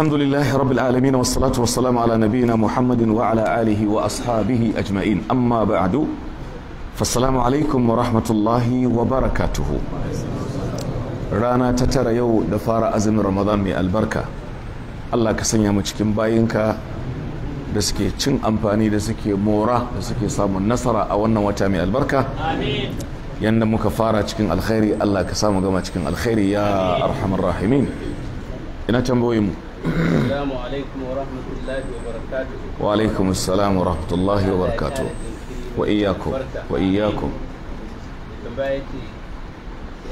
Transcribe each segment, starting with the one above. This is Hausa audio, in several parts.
الحمد لله رب العالمين والصلاة والسلام على نبينا محمد وعلى آله وأصحابه أجمعين أما بعد فالسلام عليكم ورحمة الله وبركاته رانا تترى يو دفار أزم رمضان من البركة الله كسن يامو چكين باينكا da suke cin amfani da suke mora da suke samun nasara a wannan wata mai albarka yadda muka fara cikin alkhairi allah ka samu gama cikin alkhairi ya arhamar rahimin ina tambayoyin mu السلام عليكم ورحمة الله وبركاته وعليكم السلام ورحمة الله وبركاته وإياكم وإياكم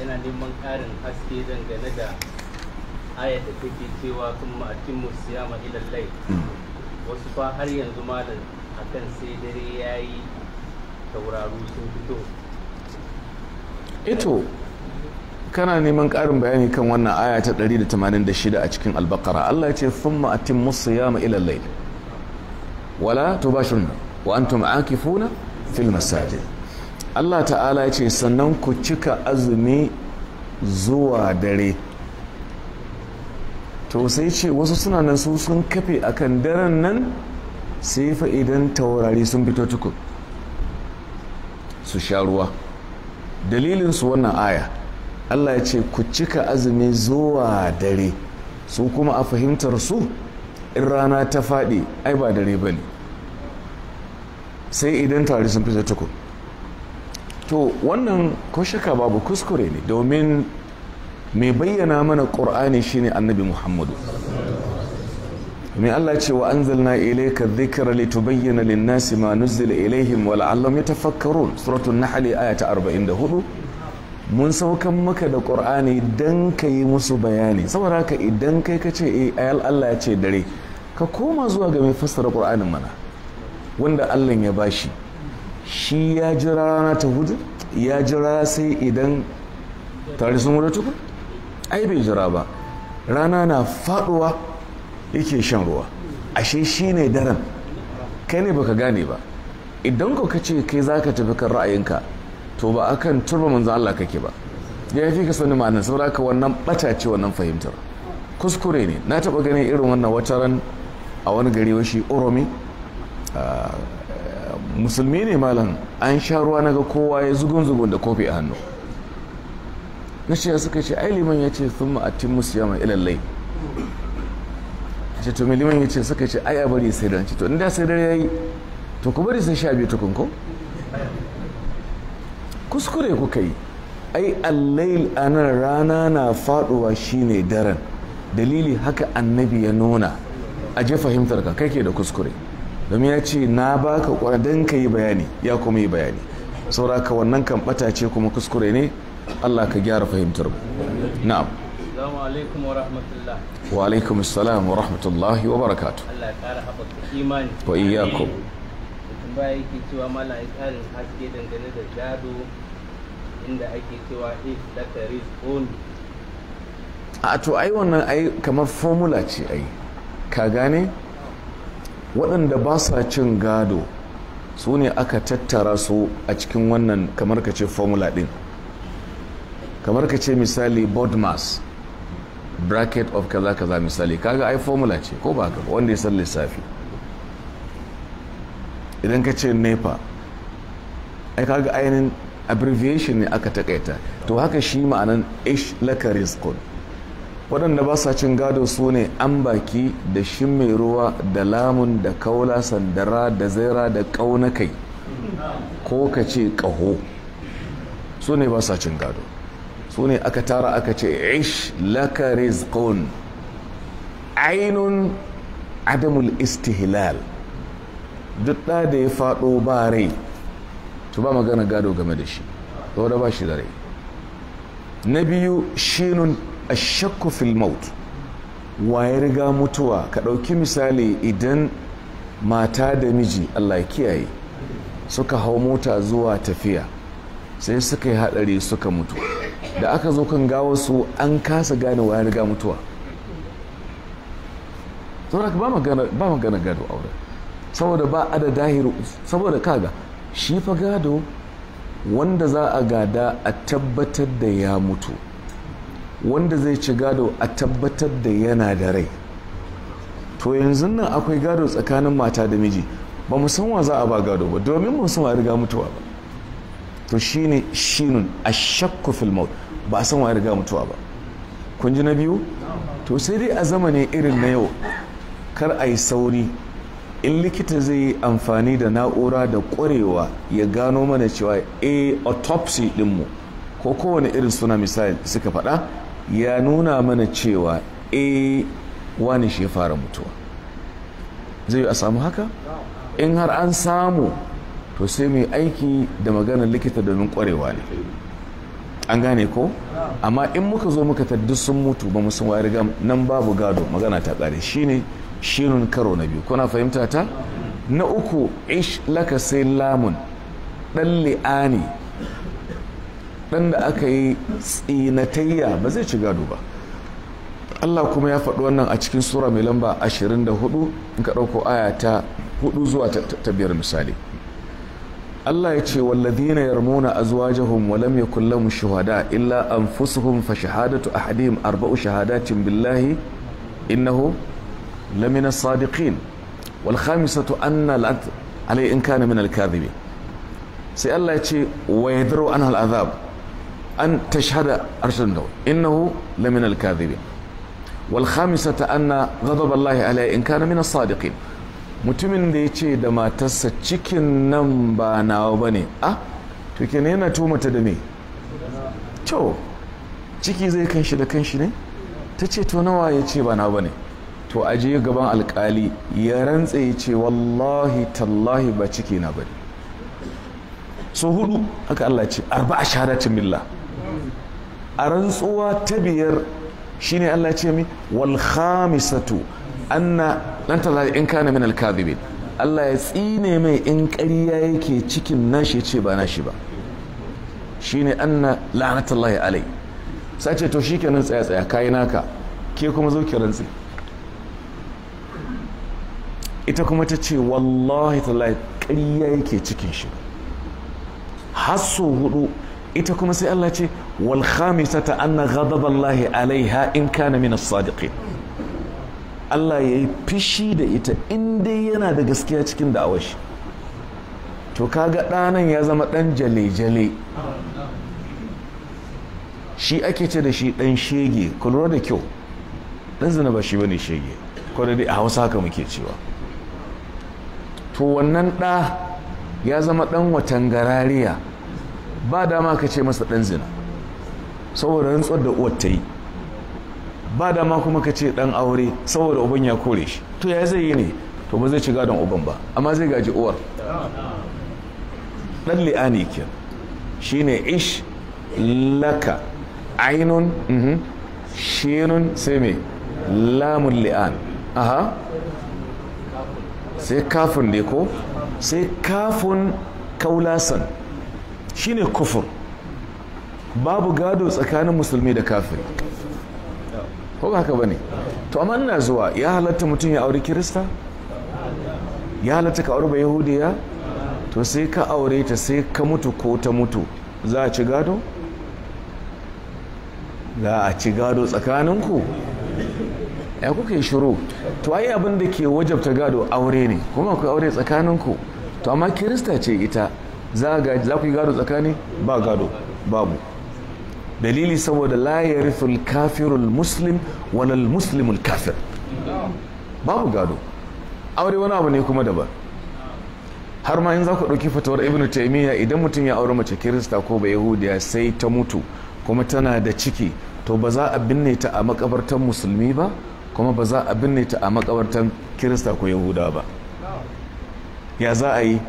yana neman ƙarin haske dangane da ayat da take cewa kuma a timmu siyama hmm. wasu fa har yanzu malam akan sai dare yayi tauraro sun fito ito kana neman ƙarin bayani kan wannan aya ta 186 a cikin albakara Allah ya ce a atimmu musu ya ma ilallai wala to ba tubashun wa antum aakifuna fil saje. Allah ta'ala ya ce sannan ku cika azumi zuwa dare to sai ce wasu suna nan su sun kafe a kan daren nan sai fa idan taurari sun fito tukun su sha ruwa dalilinsu wannan aya allah ya ce ku cika azumi zuwa dare su kuma a fahimtar su in rana ta faɗi ai ba dare ba ne sai idan tare sun fi fita tuku to wannan ko shaka babu kuskure ne domin mai bayyana mana ƙur'ani shine annabi muhammadu mai allah ce wa an zalna ilaika dhikra tu bayyana linnasi ma nuzila ilaihim wa tafakkaru suratun na nahl ayata 44 mun saukan maka da ƙur'ani don ka yi musu bayani saboda haka idan kai ka ce e eh, ayal Allah ya ce dare ka koma zuwa ga mai fassara ƙur'anin mana wanda Allah ya ba shi shi ya jira rana ta hudu ya jira sai idan tare sun wuce tukun ai bai jira ba rana na faduwa yake shan ruwa ashe shi ne daren kai ne baka gane ba idan ka ce kai zaka tafi kan ra'ayinka to ba akan turba manzan Allah kake ba ya fi ka sani ma'anar saboda ka wannan bata ce wannan fahimtar kuskure ne na taba ganin irin wannan wataran a wani gari washi oromi ah, musulmi ne malam an sha ruwa na ga kowa ya zugun zugun da kofi a hannu na ce suka ce ai liman ya ce sun ma'atin musiyama ilallai ce to mai liman ya ce suka ce ai a bari sai don ce to inda sai dare ya yi to ku bari sai sha biyu tukun kuskure kuka yi ai allail anan rana na faduwa shine daren dalili haka annabi ya nuna a je fahimtar ka ke da kuskure domin ya ce na baka kwadon ka yi bayani ya kuma yi bayani sauraka wannan kan bata ce kuma kuskure ne Allah ka gyara fahimtar mu na'am Assalamu wa alaikum assalam wa rahmatullahi wa barakatuh. Allah ya kara haɓaka imani. Wa iyyakum. tambaya yake cewa mala haske dangane da gado inda ake cewa if only a to ai wannan ai kamar formula ce ai ka gane waɗanda ba sa cin gado su ne aka tattara su a cikin wannan kamar ka ce formula ɗin kamar ka ce misali board mass bracket of kaza kaza misali kaga ai formula ce ko ba ka wanda ya san lissafi idan ka ce nepa ai kaga ainihin abbreviation ne aka takaita to haka shi ma'anan ish lakaris kun waɗanda ba sa cin gado su ne an baki da shin mai ruwa da lamun da kaula sandara da zaira da ƙaunakai ko ka ce ƙaho su ne ba sa cin gado su ne aka tara aka ce ish lakaris kun ainun adamul istihlal duk ɗa da ya faɗo ba rai to ba magana gado game da shi saboda ba shi da rai na biyu shinun shakku fil maut waye riga mutuwa ka ɗauki misali idan mata da miji allah kiyaye suka hau mota zuwa tafiya sai suka yi haɗari suka mutu da aka zo kan gawo su an kasa gane waye riga mutuwa saboda ba magana gado aure saboda ba a da dahiru saboda kaga shi fa gado wanda za a gada a tabbatar da ya mutu wanda zai ci gado a tabbatar da yana da rai to yanzu nan akwai gado tsakanin mata da miji ba mu za a ba gado ba domin mu san wa riga mutuwa ba to shi shi shinun a shakku maut ba a san wa riga mutuwa ba kun ji na biyu to sai dai a zamanin irin na yau kar a yi sauri in likita zai yi amfani da na'ura da kwarewa ya gano mana cewa a eh, autopsy dinmu ko kowane irin suna misali suka faɗa ya nuna mana cewa a eh, wani shi ya fara mutuwa zai yi a samu haka in har an samu to sai mai aiki da maganar likita domin kwarewa ne an gane ko amma in muka zo muka taddi sun mutu ba musamman wayar riga nan babu gado magana ta ƙare shine shirin karo na biyu kuna fahimta ta na uku ish laka sai lamun ɗan li'ani ɗan da aka yi tsinatayya ba zai ci gado ba Allah kuma ya faɗi wannan a cikin sura mai lamba 24 in ka ɗauko aya ta 4 zuwa ta biyar misali Allah ya ce walladhina yarmuna azwajahum wa lam yakul lahum shuhada illa anfusuhum fa shahadatu ahadihim arba'u shahadatin billahi innahu لمن الصادقين والخامسة أن الأنت عليه إن كان من الكاذبين سي الله يتشي ويدروا عنها العذاب أن تشهد أرشد النووي إنه لمن الكاذبين والخامسة أن غضب الله عليه إن كان من الصادقين mutumin da ya ce da matarsa cikin nan ba nawa ba ne a tukin yana tumata da me to ciki zai kanshi da kanshi ne ta ce to nawa ya ce ba nawa ba ne to a je gaban alkali ya rantse ya ce wallahi tallahi ba ciki na bari. so hudu haka Allah ce arba a shahadatin billah a rantsuwa ta biyar shine Allah ce mi wal khamisatu anna lan tallahi in kana min al Allah ya tsine mai in ƙarya yake cikin nashi ya ce ba nashi ba shine anna la'natullahi alai sace to shikenan tsaya tsaya kai naka ke kuma zo ki rantsi ita kuma ta ce wallahi tallahi ƙarya yake cikin shi hasso hudu ita kuma sai Allah ce wal ta anna ghadaballahi alaiha in kana min as-sadiqin Allah yayi fishi da ita in dai yana da gaskiya cikin da'awar shi to kaga ɗanan ya zama ɗan jale-jale shi ake ce da shi ɗan shege ku da kyau ɗan zina ba shi bane shege ko da a hausa haka muke cewa to wannan ɗa ya zama ɗan watan garariya ba dama ka ce masa ɗan zina saboda rantsuwar da uwar ta yi ba dama kuma ka ce ɗan aure saboda uban ya kore shi to ya zai yi ne to ba zai ci gadon uban ba amma zai gaji uwar ɗan li'ani ke shine ish laka ainun mhm, shenun sai mai lamun li'an aha sai kafin ne ko sai kafin kaulasan shine kufur babu gado tsakanin musulmi da kafin ko haka ne to amma ina zuwa ya halatta mutum ya auri kirista ya halatta ka auri ba yahudiya to sai ka aure ta sai ka mutu ko ta mutu za a ci gado za a ci gado tsakaninku ya kuke shiru to ai abin da ke wajabta gado aure ne kuma akwai aure tsakaninku to amma kirista ce ita za ku yi gado tsakani ba gado babu dalili saboda la yarithul kafirul muslim wal muslimul kafir babu gado aure wani abu ne kuma daban har ma in za ku ɗauki fatawar ibnu taimiyya idan mutum ya aure mace kirista ko ba yahudiya sai ta mutu kuma tana da ciki to ba za a binne ta a makabartar musulmi ba kuma ba za a binne ta a makabartan kirista ko yahuda ba ya za a yi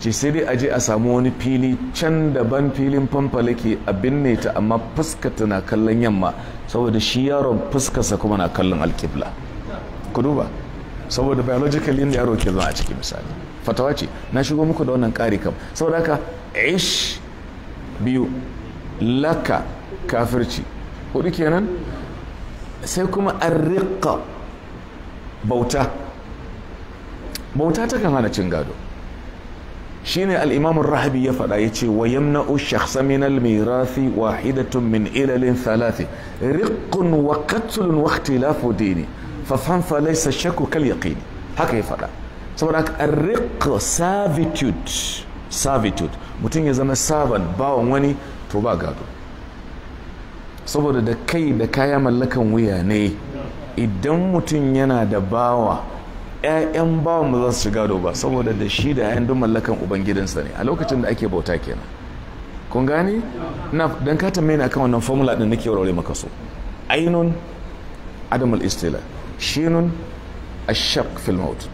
ce sai dai aje a samu wani fili can daban filin ke a binne ta amma ta na kallon yamma saboda shi yaron fuskarsa kuma na kallon alkibla ku duba saboda biologically inda yaro ke zama a ciki misali fatawa ce na shigo muku da wannan ƙari kam saboda haka ish biyu laka kafirci hudu kenan sai kuma riƙa bauta bauta ta kan hana cin gado shi ne al’imamun rahabi ya faɗa ya ce wa yamna'u shakhsa min al wa wahidatun min ilalin thalathi riƙun wa qatlun wa ikhtilafu dini fa fanfa laisa shakku kal yaqin haka ya faɗa saboda a riƙa servitude servitude mutum ya zama servant bawan wani to ba gado saboda da kai da kaya mallakan wuya ne idan mutum yana da bawa 'ya'yan bawan ba za su shiga ba saboda da shi da 'ya'yan duk mallakan ubangidansa ne a lokacin da ake bauta kenan kun gani na dan ka na kan wannan formula din nake warware maka so ainun adam istila shinun ash fil maut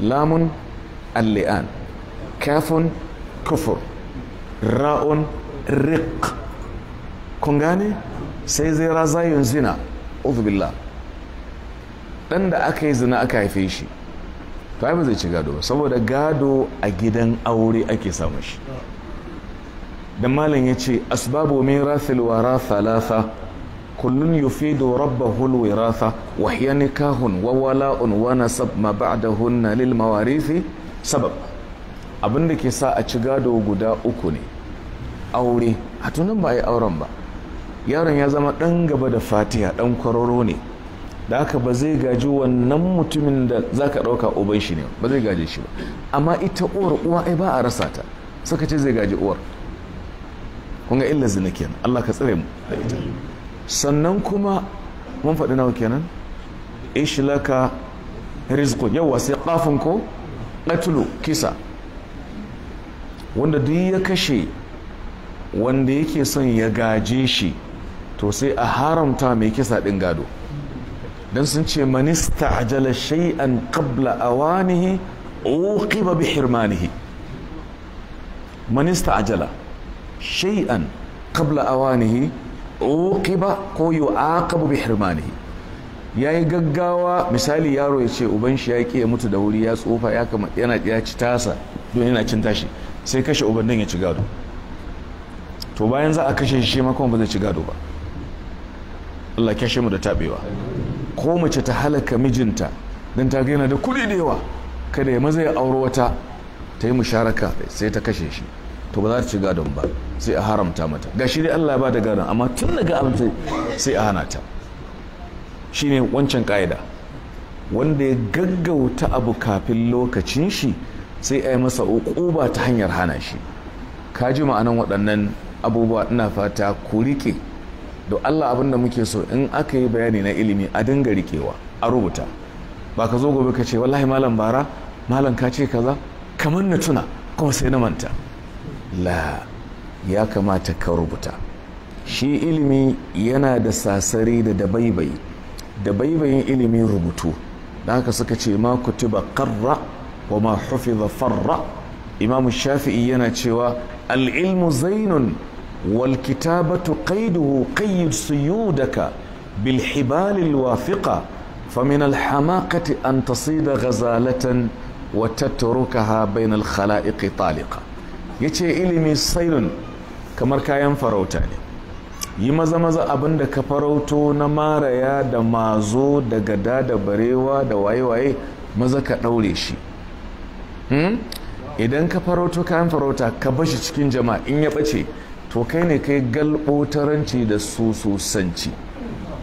lamun alli'an lian kafun kufur ra'un rik kun gane sai zai yin zina uzubillah ɗan da aka yi zina aka haife shi to yi ba zai ci gado saboda gado a gidan aure ake samun shi da malam ya ce asbabu min rathil wara thalatha kullun rabba rabbahu alwiratha wa hiya nikahun wawala wala'un wana sab ma hunna lil mawarithi sabab abinda ke sa a ci gado guda uku ne aure a tunan ba a yi auren ba yaron ya zama ɗan gaba da fatiha ɗan kwararo ne da haka ba zai gaji wannan mutumin da za ka ɗauka uban shi ne ba zai gaji shi ba amma ita uwar uwa ai ba a rasa ta suka ce zai gaji uwar kun ga illa zina kenan Allah ka tsare mu sannan kuma mun faɗi nawa kenan ishlaka rizqun yawa sai ko qatlu kisa wanda duk ya kashe wanda yake son ya gaje shi to sai a haramta mai kisa ɗin gado don sun ce manista ajala shay'an qabla awanihi uqiba bi hirmanihi manista ajala shay'an qabla awanihi uqiba ko yu'aqabu bi hirmanihi yayi gaggawa misali yaro ya ce uban shi ya ki ya mutu da wuri ya tsofa ya kama yana ya ci tasa don yana cin tashi sai kashe uban nan ya ci gado to bayan za a kashe shi makon ba zai ci gado ba Allah kyashe mu da tabewa ko mace ta halaka mijinta dan ta gaina da kuɗi da yawa kada ya maza ya auro wata ta yi musharaka sai ta kashe shi to ba za ta ci gadon ba sai a haramta mata gashi dai Allah ya ba da gadon amma tun daga abinci sai a hana ta shine wancan ka'ida wanda ya gaggauta abu kafin lokacin shi sai a yi masa uquba ta hanyar hana shi ka ji ma'anan waɗannan abubuwa ina fata ku riƙe da Allah abin da muke so in aka yi bayani na ilimi a dinga rikewa a rubuta ba ka zo gobe ka ce wallahi malam bara malam ka ce kaza kamar na tuna kuma sai na manta la ya kamata ka rubuta shi ilimi yana da sasari da dabaibai dabaibayin ilimin rubutu da haka suka ce ma kutuba karra wa ma hufiza farra imamu shafi'i yana cewa al'ilmu ilmu zainun والكتابة قيده قيد سيودك بالحبال الواثقة فمن الحماقة أن تصيد غزالة وتتركها بين الخلائق طالقة يتي إلمي سيل كمر كاين فروتاني yi maza maza abin da ka farauto na maraya da mazo da gada da barewa da waye-waye maza ka ɗaure shi hmm? idan ka farauto kayan farauta ka bashi cikin jama'a in ya ɓace to kai ne kai galɓotaranci da sususanci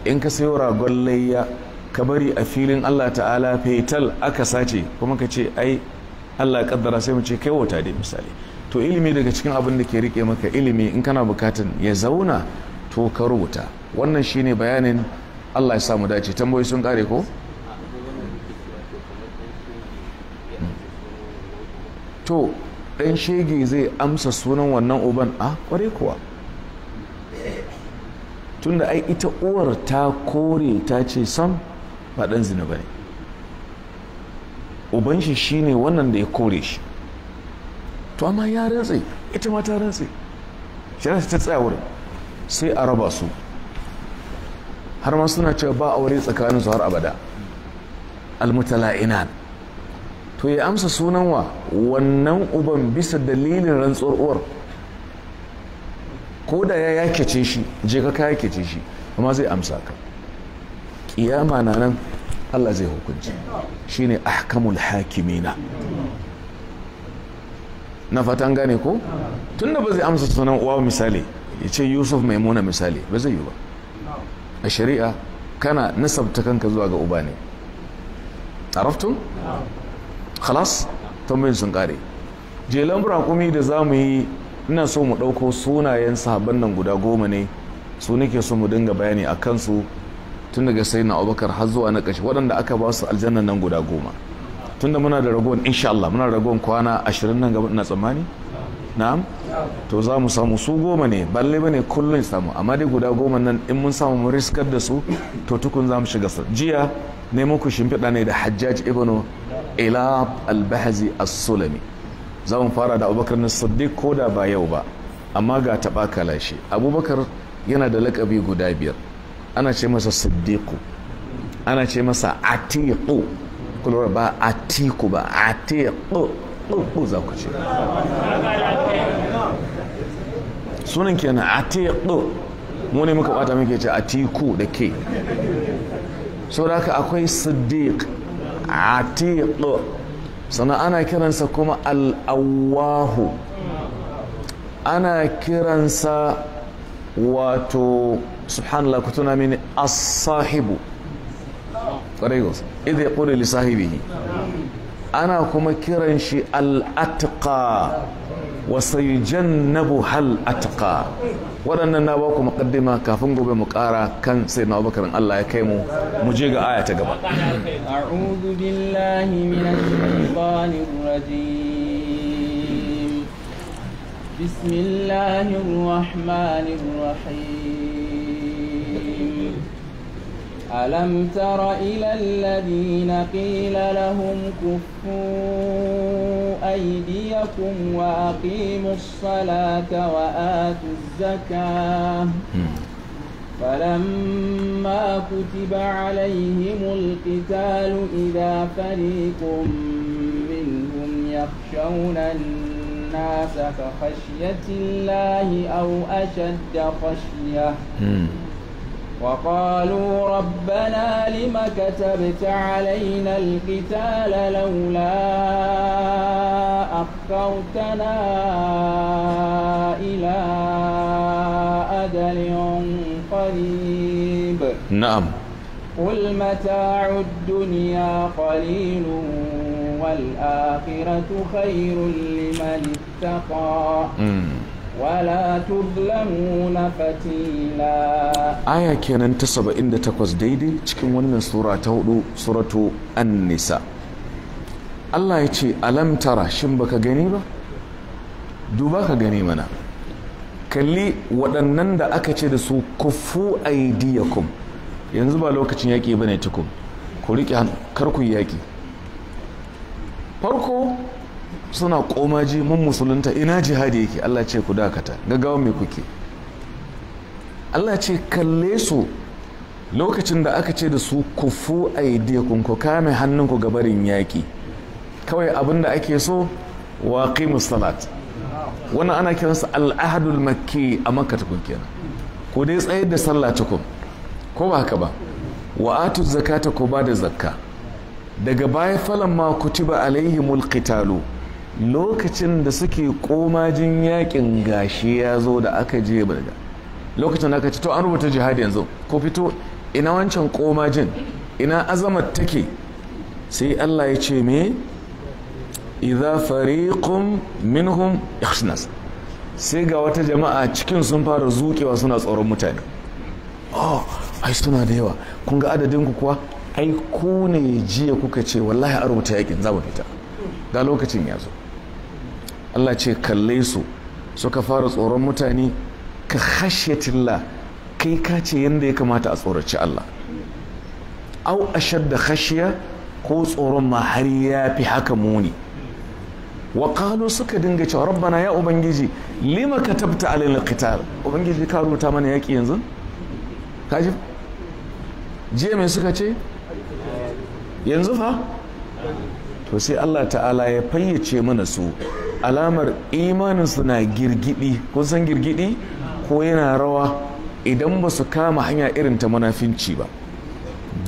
in ka sayo ragon layya ka bari a filin allah ta'ala fetal aka sace kuma ka ce ai allah kaddara sai mu ce kai wata dai misali to ilimi daga cikin abin da ke rike maka ilimi in kana bukatan ya zauna to ka rubuta wannan shine bayanin allah ya samu dace tambayoyi sun kare ko to dan shege zai amsa sunan wannan uban a kware kuwa tunda ai ita uwar ta kore ta ce sam ba dan zina ba ne uban shi shine wannan da ya kore shi to amma ya rantsi ita ma ta rantse shari'a ta tsaya wurin sai a raba su har ma suna cewa ba aure su har abada ina. to ya amsa sunan wa wannan uban bisa dalilin rantsuwar uwar ko da ya yakece shi je ka ka yakece shi amma zai amsa ka kiyama na nan Allah zai hukunci shine ahkamul hakimina na fatan gane ko tunda ba zai amsa sunan uwa misali ya ce yusuf maimuna misali ba zai yi ba a shari'a kana nasabta kanka zuwa ga uba ne عرفتم؟ khalas tambayin sun kare jelan rakumi da za mu yi ina so mu ɗauko sunayen sahabban nan guda goma ne su nake so mu dinga bayani a kansu tun daga sai na abubakar har zuwa na ƙarshe waɗanda aka ba su aljannan nan guda goma tunda muna da ragon insha Allah muna da ragon kwana ashirin nan gaba ina tsammani na'am to za mu samu su goma ne balle bane kullun samu amma dai guda goma nan in mun samu mu riskar da su to tukun za mu shiga jiya ne muku shimfiɗa ne da hajjaj ibn ilab albahazi as-sulami za mu fara da abubakar na sadi ko da ba yau ba amma ga taɓa kalashi abubakar yana da lakabi guda biyar ana ce masa siddiqu ana ce masa atiku kulura ba atiku ba atiku ku za ku ce sunan kenan atiku mu ne muka bata muke ce atiku da ke saboda haka akwai siddiq atiq sannan ana kiransa kuma al'awahu ana kiransa wato subhanallah ku tuna mini as-sahibu idai ƙuri lissahibihi ana kuma kiran shi al'atqa وسيجنب hal أتقى waɗannan na baku muqaddima kafin gobe mu ƙara kan sai na abubakar Allah ya kai mu mu je ga aya ta gaba a'udhu billahi minash shaitanir rajim bismillahir rahmanir rahim ألم تر إلى الذين قيل لهم كفوا أيديكم وأقيموا الصلاة وآتوا الزكاة فلما كتب عليهم القتال إذا فريق منهم يخشون الناس كخشية الله أو أشد خشية وقالوا ربنا لم كتبت علينا القتال لولا أخرتنا إلى أدل قريب نعم قل متاع الدنيا قليل والآخرة خير لمن اتقى wala tuzlamuna fatila aya kenan ta 78 daidai cikin wannan sura ta hudu suratu annisa. Allah ya ce alam tara shin baka gani ba duba ka gani mana kalli waɗannan da aka ce da su kufu aidiyakum yanzu ba lokacin yaƙi bane tukun ku riƙe kar ku yaƙi farko suna komaji mun musulunta ina jihadi yake Allah ce ku dakata gaggawa me kuke Allah ce kalle su lokacin da aka ce da su kufu dekun ku kame hannunku gabarin yaki kawai abin da ake so wa qimus salat wannan ana kiransa al-ahdul makki a makka tukun kenan ku dai tsayar da sallah tukun ko ba haka ba wa atu zakata ko ba da zakka daga baya falon ma kutiba alaihimul qitalu lokacin da suke komajin yakin gashi ya zo da aka je birga lokacin da aka ci to an rubuta jihadi yanzu ko fito ina wancan komajin ina azamar take sai Allah ya ce me idza fariqum minhum ikhsnas sai ga wata jama'a cikin sun fara zukewa suna tsoron mutane oh ai suna da yawa kun ga adadin ku kuwa ai ku ne jiya kuka ce wallahi a rubuta yakin za mu fita ga lokacin ya zo Allah ce kalle su suka fara tsoron mutane ka khashyatillah kai ka ce yadda ya kamata a tsoraci Allah au ashadda da ko tsoron ma har ya fi haka muni wa suka dinga cewa rabbana ya ubangiji lima katabta alal qital ubangiji ka rubuta mana yaki yanzu kaji jiya mai suka ce yanzu fa to sai Allah ta'ala ya fayyace mana su alamar imaninsu na girgidi kun san girgidi ko yana rawa idan ba su kama hanya irin ta munafinci ba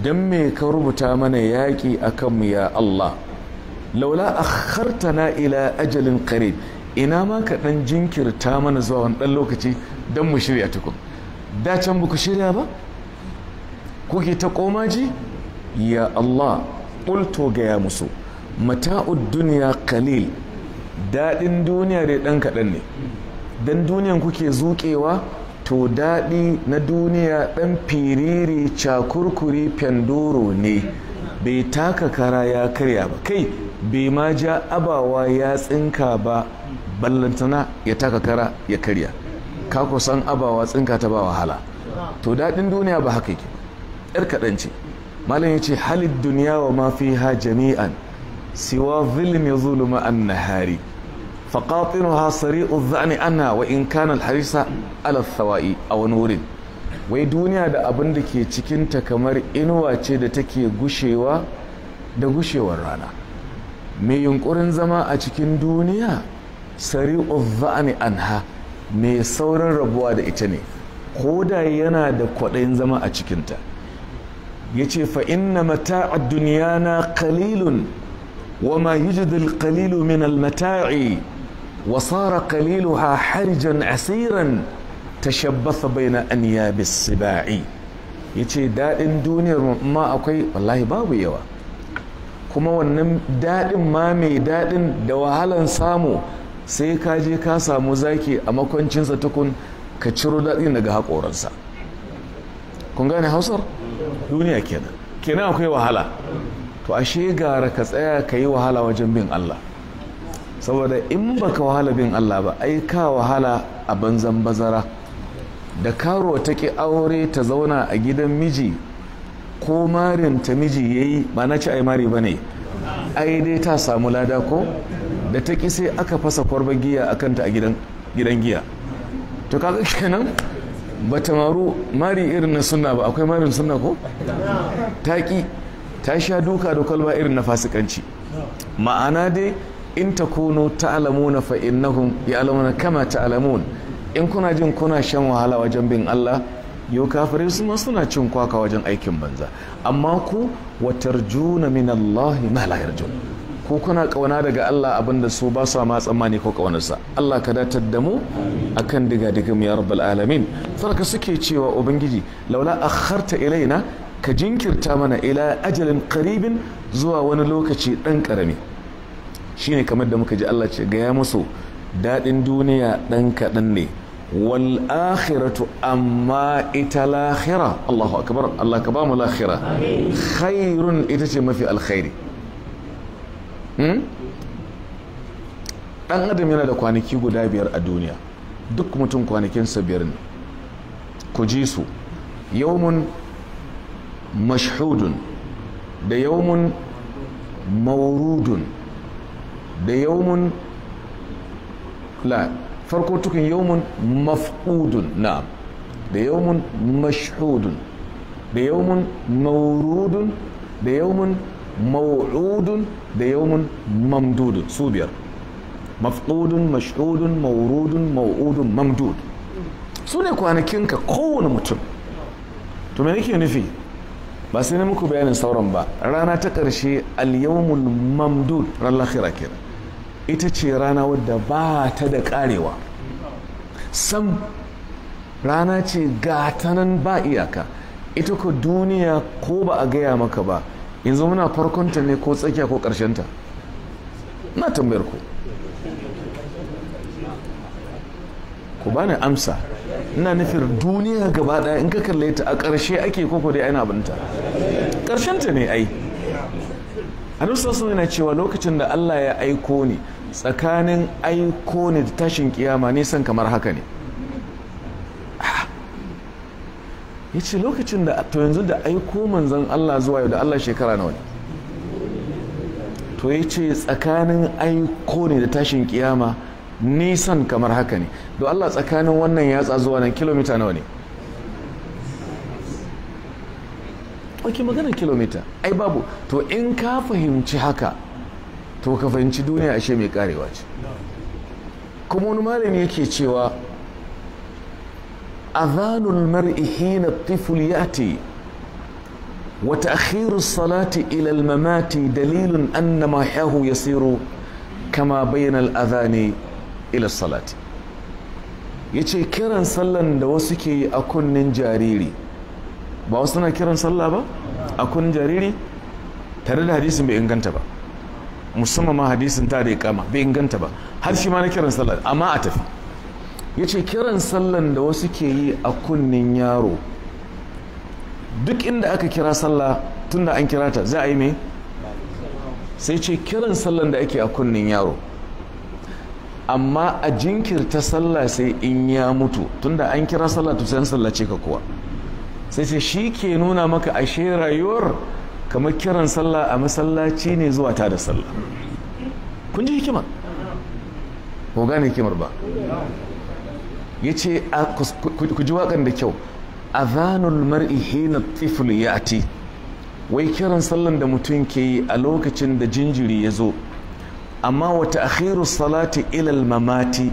don me ka rubuta mana yaƙi a kanmu ya Allah laula a na ila ajalin kare ina ma ka ɗan jinkirta mana zuwa wani ɗan lokaci don mu shirya tukun da can ba ku shirya ba kuke ta komaji ya Allah ƙulto gaya musu mata'ud duniya kalil daɗin duniya dai ɗan kaɗan ne don duniyan kuke zuƙewa to daɗi na duniya ɗan firiri cakurkuri fandoro ne bai taka kara ya karya ba kai bai ma ja abawa ya tsinka ba ballantana ya taka kara ya karya ka kusan abawa tsinka ta ba wahala to daɗin duniya ba haka yake ɗar kaɗan ce malam ya ce halin duniya wa mafi ha jami'an siwa zulmi zuluma an hari. فقاطنها سريع الظأن أنا وإن كان الحريص على الثوائي أو نور wai duniya da abin da ke cikinta kamar inuwa ce da take gushewa da gushewar rana mai yunƙurin zama a cikin duniya sari'ul za'ani anha mai sauran rabuwa da ita ne ko da yana da kwaɗayin zama a cikinta ya ce fa inna mata'a duniya na kalilun wa ma yujidul kalilu min al mata'i وصار قليلها حرجا عسيرا تشبث baina انياب السباع yace dadin duniyar ما akwai والله babu yawa kuma wannan dadin ma mai dadin da wahalan samu sai ka je ka samu zaki a makwancinsa tukun ka ciro dadin daga hakoransa kun gane hausar duniya kenan kenan akwai wahala to ashe gara ka tsaya ka yi wahala wajen bin Allah saboda in baka wahala bin Allah ba ai ka wahala a banzan bazara da karo ta ki aure ta zauna a gidan miji ko marin ta miji yayi ba na ci ai mari bane ai dai ta samu lada ko da ta ki sai aka fasa kwarba giya a kanta a gidan giya to kaga kenan ba ta maru mari irin na sunna ba akwai marin sunna ko ta ki ta sha duka da kwalba irin na fasikanci ma'ana dai in ta takunu ta'lamuna fa innahum ya'lamuna kama ta'lamun in kuna jin kuna shan wahala wajen bin Allah yau kafirin su ma suna cin kwaka wajen aikin banza amma ku watarjuna min Allah ma la yarjun ku kuna kauna daga Allah abinda su ba su ma tsammani ko kaunarsa Allah ka datar da mu akan diga diga mu ya alamin farka suke cewa ubangiji laula a akharta ilaina ka jinkirta mana ila ajalin qaribin zuwa wani lokaci ɗan karami shine kamar da muka ji Allah ce gaya musu daɗin duniya ɗan kaɗan ne wal akhiratu amma ita lahira Allahu akbar Allah ka ba mu lahira khairun ita ce mafi alkhairi hmm? ɗan adam yana da kwanaki guda biyar a duniya duk mutum kwanakinsa biyar ne ku ji su yawmun mashhudun da yawmun maurudun da yawmun la farko tukun yawmun maf'udun na da yawmun mashudun da yawmun maurudun da yawmun maw'udun da yawmun mamdudun su biyar maf'udun mashudun maurudun maw'udun mamdud su ne kwanakinka kowane mutum to me nake nufi ba sai na muku bayanin sauran ba rana ta ƙarshe al-yawmul mamdud ran lahira ita ce rana wadda ba ta da karewa sam rana ce gatanan ba iyaka ita ku duniya ko ba a gaya maka ba yanzu muna farkonta ne ko tsakiya ko ta na tambayar ku ku ba ni amsa ina nufin duniya gaba ɗaya in ka kalle ta a ƙarshe ake koko dai aina abinta ƙarshenta ne ai annabi yana cewa lokacin da Allah ya aiko ni tsakanin aiko ni da tashin kiyama nisan kamar haka ne ya ce lokacin da to yanzu da aiko manzan Allah zuwa yau da Allah shekara nawa ne to ya tsakanin aiko ne da tashin kiyama nisan kamar haka ne to Allah tsakanin wannan yatsa zuwa nan kilomita nawa ne ake magana kilomita ai babu to in ka fahimci haka to ka fahimci duniya ashe mai karewa ce kuma wani malami yake cewa azanul mar'i hina tiful yati wa ta'khiru salati ilal al mamati dalilun anna ma ya yasiru kama bayyana al adhani ila salati yace kiran sallan da wasu ke yi a kunnen jariri ba wasu suna kiran sallah ba a kun jariri tare da hadisin bai inganta ba musamman ma hadisin ta da kama bai inganta ba har shi ma na kiran sallah amma a tafi ya ce kiran sallan da wasu ke yi a kunnin yaro duk inda aka kira sallah tunda an kira ta za a yi mai sai ce kiran sallan da ake a kunnin yaro amma a jinkirta sallah sai in ya mutu tunda an kira sallah to sai sallace ka kuwa sai sai shi ke nuna maka ashe rayuwar kamar kiran sallah a masallaci ne zuwa ta da sallah kun ji hikimar ko gane hikimar ba ya ce ku ji waƙan da kyau azanul mar'i hina ya ati wai kiran sallan da mutum ke yi a lokacin da jinjiri ya zo amma wata akhiru salati ilal mamati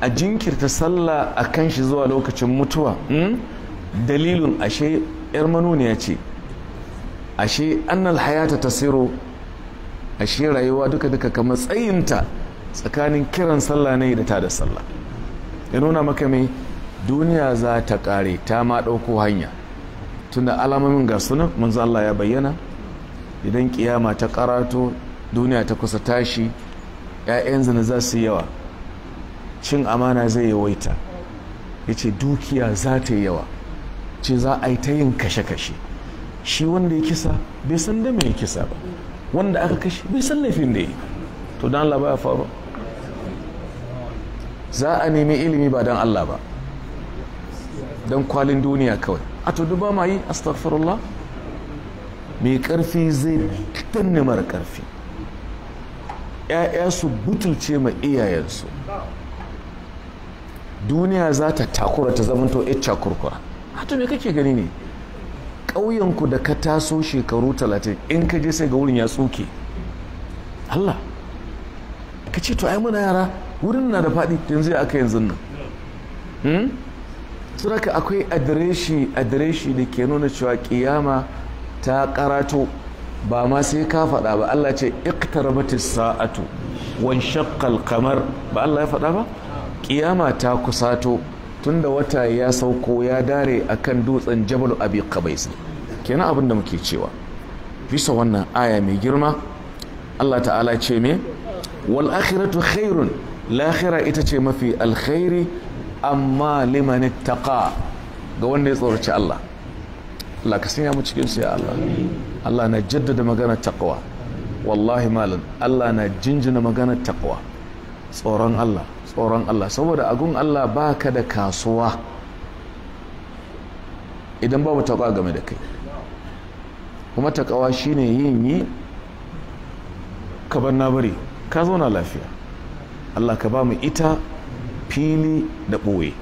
a jinkirta sallah a kan shi zuwa lokacin mutuwa hmm? dalilin ashe yar manuniya ce ashe annal hayata tasiru ashe rayuwa duka duka kamar tsayinta tsakanin kiran sallah ne da ta da sallah ya nuna maka mai duniya za ta kare ta ma ɗauko hanya tunda alamomin ga suna manzo Allah ya bayyana idan kiyama ta karato duniya ta kusa tashi ‘ya'yan zina za su yawa cin amana zai yawaita yace dukiya za ta yawa ce za a yi ta yin kashe-kashe shi wanda ya kisa bai san da mai kisa ba wanda aka kashe bai san laifin da ya to don Allah ba ya faru za a nemi ilimi ba dan Allah ba don kwalin duniya kawai a to duba ma yi astaghfirullah mai karfi zai danne mara karfi ‘ya'ya su butulce ma iyayensu duniya za ta takura ta zamanto ita kurkura. hatu ah, me kake gani ne ƙauyenku da ka taso shekaru talatin in ka je sai ga wurin ya tsuke Allah ka ce to ai muna yara wurin na da faɗi yanzu ya aka yanzu nan hmm? suraka akwai adireshi adireshi da ke nuna cewa kiyama ta karato ba ma sai ka faɗa ba Allah ce iqtarabatis sa'atu wan shaqqal kamar ba Allah ya faɗa ba kiyama ta kusato tunda wata ya sauko ya dare akan dutsen jabal abi qabais kenan abin da muke cewa bisa wannan aya mai girma Allah ta'ala ce me wal akhiratu khairun lahira ita ce mafi alkhairi amma liman ittaqa ga wanda ya tsoraci Allah Allah ka sanya mu cikin su ya Allah Allah na jaddada magana taqwa wallahi malam Allah na jinjina magana taqwa tsoron Allah tsoron Allah saboda agun Allah ba ka da kasuwa idan babu taƙawa game da kai kuma taƙawa shine yin yi ka na bari ka zauna lafiya Allah ka ba mu ita fili da ɓoye